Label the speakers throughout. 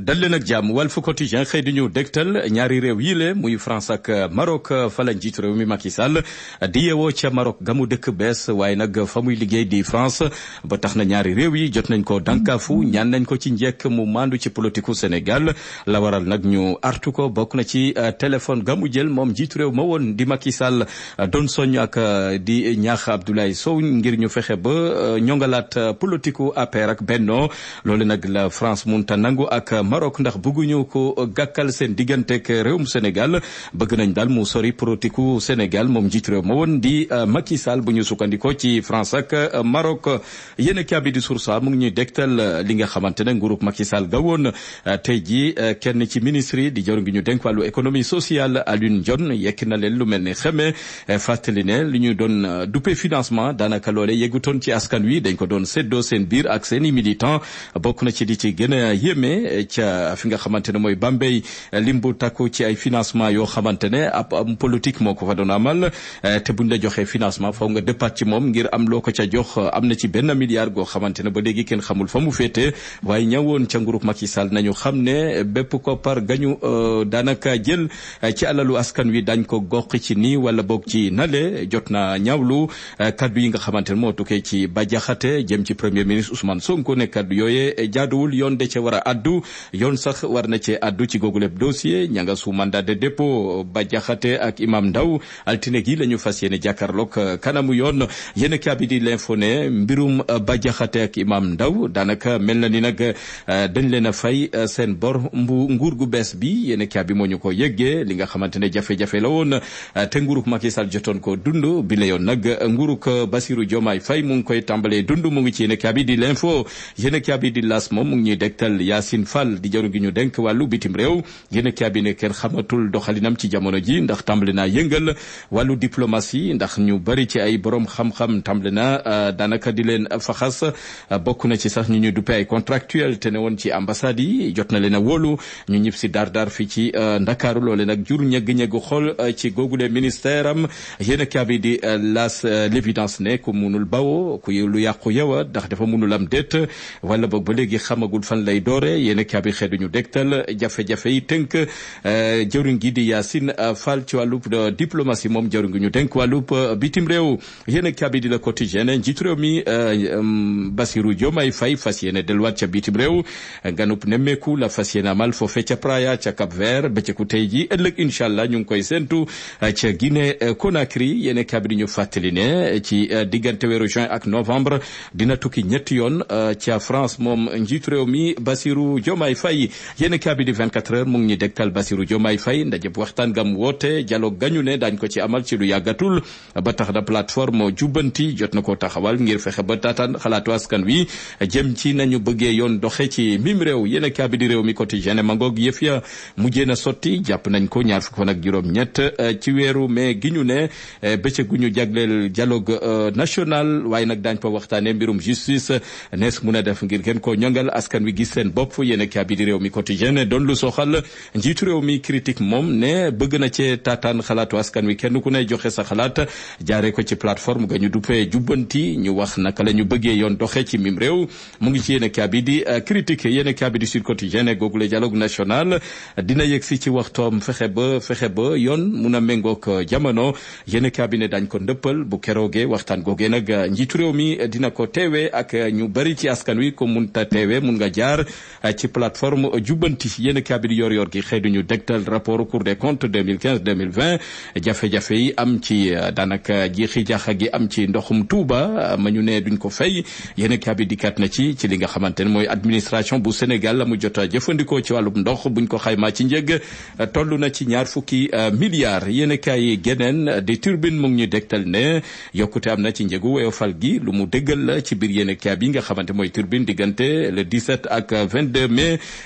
Speaker 1: dal leen ak jàmm Walf Quotidien xëy di ñu dégtal ñaari réew yi le muy France ak Maroc fala la njiitu réew mi Macky Sall di yeewoo ca Maroc gamu dëkk bees waaye nag fa muy liggéey di France ba tax na ñaari réew yi jot nañ ko dànkaafu ñaan nañ ko ci njekk mu maandu ci politiku Sénégal la waral nag ñu artu ko bokk na ci euh, téléphone gamu jël moom njiitu réew ma woon di Macky Sall euh, doon soñ ak euh, di ñaax Abdoulaye Sow ngir ñu fexe ba ñongalaat politiku APR ak Benno loolu nag la France ak Maroc ndax bëgguñu ko gàkkal seen digganteeg réewum Sénégal bëgg nañ daal mu sori politiku Sénégal moom njiit réew ma woon di euh, Macky Sall bu ñu sukkandikoo ci France ak euh, Maroc yéen a kaabi di mu ngi ñuy dégtal euh, li nga xamante ne nguurub Macky Sall ga woon tey jii kenn ci ministre yi di jor ngi ñu dénk wàllu économie sociale Alioune Dione yekk na leen lu mel ni xeme fàttali ne li ñu doon dupe financement daanaka loole yeggutoon ci askan wi dañ ko doon séddoo seen biir ak seen i militant bokk na ci di ci gën ca fi nga xamante ne mooy Bambey lim bu takku ci ay financement yoo xamante ne ab am politique moo ko fa doon amal eh, te buñ la joxee financement faw nga dëppaat ci moom ngir am loo ko ca jox eh, am na ci benn milliard goo xamante ne ba léegi kenn xamul fa mu féete waaye ñëwoon ca nguurub Macky Sall nañu xam ne bépp par gañu eh, daanaka jël ci alalu askan wi dañ ko gox ci nii wala boog ci nale jot na ñaawlu kaddu yi nga xamante ne moo tukkee ci Bah Diakhaté jëm ci premier ministre Ousmane Sonko n kaddu yooyee jaaduwul yoon de ca war a addu yoon sax war na cee addu ci googu lépp dossier ñanga nga su mandat de dépôt ba jaxate ak imam ndaw altine gi la ñu fas yéene jàkkaarloog euh, kanamu yoon yéen kaabi di l'info ne mbirum euh, ba jaxate ak imam daanaka mel na ni nag euh, dañ leen a fay seen bor mbu nguur gu bees bi yéen kaabi moo ñu ko yëggee li nga xamante ne jafe-jafe la woon te nguurug Macky Sall jotoon ko dund bi la yoon nag nguurug Bassirou Diomaye Faye mu ngi koy tambale dund mu ngi ci yéen kaabi di l'info yéen kaabi di las moom mu ngi ñuy dégtal Yacine Sall di jaru gi ñu denk wàllu bitim réew yéen a bi ne kenn xamatul doxalinam ci jamono ji ndax tàmbali naa yëngal wàllu diplomatie ndax ñu bari ci ay borom xam-xam tàmbali na euh, daanaka di leen faxas bokk na ci sax ñu ñu duppe ay contractuel te ne woon ci ambassade yi jot na leen a wóolu ñu ñib si daar daar fii ci euh, ndakaaru loole nag jur ñëgg-ñëgg xool euh, ci googule ministère am yéen a kaabi di las l'évidence ne ku munul bawo ku lu yàqu yow ndax dafa munul am déet wala boog ba xamagul fan a bi xeetu ñu dégtal jafe-jafe yi tënk euh, jëwriñ gi di Yacine Fall ci wàllub euh, diplomatie moom jëwriñ gi ñu dénk wàllub euh, bitim réew yéen ak bi di la quotidien njiitu réew mi Bassirou Diomaye Faye fas yéene delluwaat ca bitim réew ganub nemmeeku la fas yéene amal foofe ca Praia ca Cap Vert bëccëgu tey ji ëllëg incha allah ñu ngi koy séntu ca Guinée Conakry yéen ak bi di ñu fàttali ne ci diggante weeru juin ak novembre dina tukki ñetti yoon ca France moom njiitu réew mi Bassirou Diomaye Diomaye Faye yéen vingt di 24 heures mu ngi ñuy dégtal Bassirou Diomaye Faye ndajëb waxtaan gam woote dialogue gañu ne daañ ko ci amal ci lu yàggatul ba tax na plateforme jubbanti jot na ko taxawal ngir fexe ba taataan xalaatu askan wi jëm ci nañu bëggee yoon doxe ci mim réew yéen kaabi di réew mi quotidien mangoog yëf ya mujjee na sotti jàpp nañ ko ñaar fukk fan ak juróom ñett euh, ci weeru mai gi ñu ne euh, bëccëgu ñu jagleel dialogue euh, national waaye nag daañ fa waxtaane mbirum justice nees mun a def ngir gën koo ñongal askan wi gis seen bopp yéen syndicat bi di réew mi quotidien doon lu soxal njiitu réew mi critique moom ne bëgg na cee taataan xalaatu askan wi kenn ku ne joxe sa xalaat jaaree ko ci plateforme ga ñu duppee jubbanti ñu wax naka la ñu bëggee yoon doxee ci mim réew mu ngi ci yéen a bi di euh, critique yéen a bi di sud quotidien ne googule national dina yegg si ci waxtoom fexe ba fexe ba yoon mun a méngoog euh, jamono yéen a bi ne dañ ko ndëppal bu keroogee waxtaan googee nag njiitu réew mi dina ko teewee ak ñu bari ci askan wi ko mun ta teewee mun nga jaar euh, plateforme jubbanti yéen kaabir yor-yor gi xëy duñu rapport cour des comptes jafe-jafe am ci euh, daanaka jiixi jaaxa am ci ndoxum Touba euh, ma ñu ne duñ ko fay yéen kaabir dikkaat na ci ci li nga xamante ne mooy administration bu Sénégal la mu jot a jëfandikoo ci wàllum ndox buñ ko xaymaa ci njëg euh, toll na ci ñaar fukki milliards yéen kaay geneen di turbine mu ngi ñu dégtal ne yokkute am na ci njëgu woyofal gi lu mu déggal la ci biir yéen nga xamante mooy turbine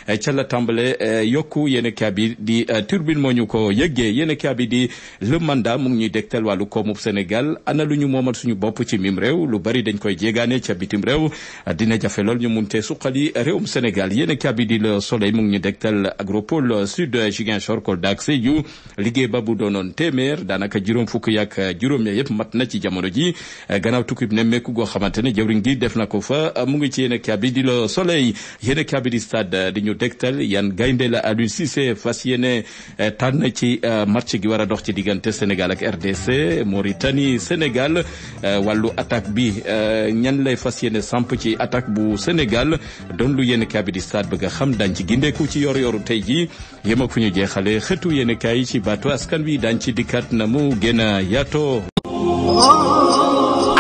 Speaker 1: Eh, ca la tàmbale eh, yokku yéen a bi di eh, turbine moo ñu ko yëggee yéen a bi di le mandat mu ngi ñuy dégtal wàllu koomub Sénégal ana lu ñu moomal suñu bopp ci mim réew lu bari dañ koy jéegaane ca bitim réew dina jafe lool ñu mun te suqali réewum Sénégal yéen a bi di le soleil mu ngi ñu dégtal agropole sud Ziguinchor Kolda ak Sédhiou liggéey ba bu doonoon téeméer daanaka juróom fukk yaak juróom ya yëpp mat na ci jamono ji gannaaw tukkib nemmeeku goo xamante ne jawriñ gi def na ko fa mu ngi ci yéen a bi di le soleil Eh, di ñu dégtal yan gaynde la Aliou Cissé fas yéene eh, tànn ci eh, match gi war a dox ci diggante Sénégal ak RDC Mauritanie Sénégal wàllu attaque bi ñan lay fas yéene samp ci attaque bu Sénégal doon lu yéen kaay bi stade bëgg a xam daañu ci gindeeku ci yor-yoru tey jii yem ak fu ñu jeexale xëtu yéen kaay yi ci baatu askan wi daañu ci dikkaat na mu gën yato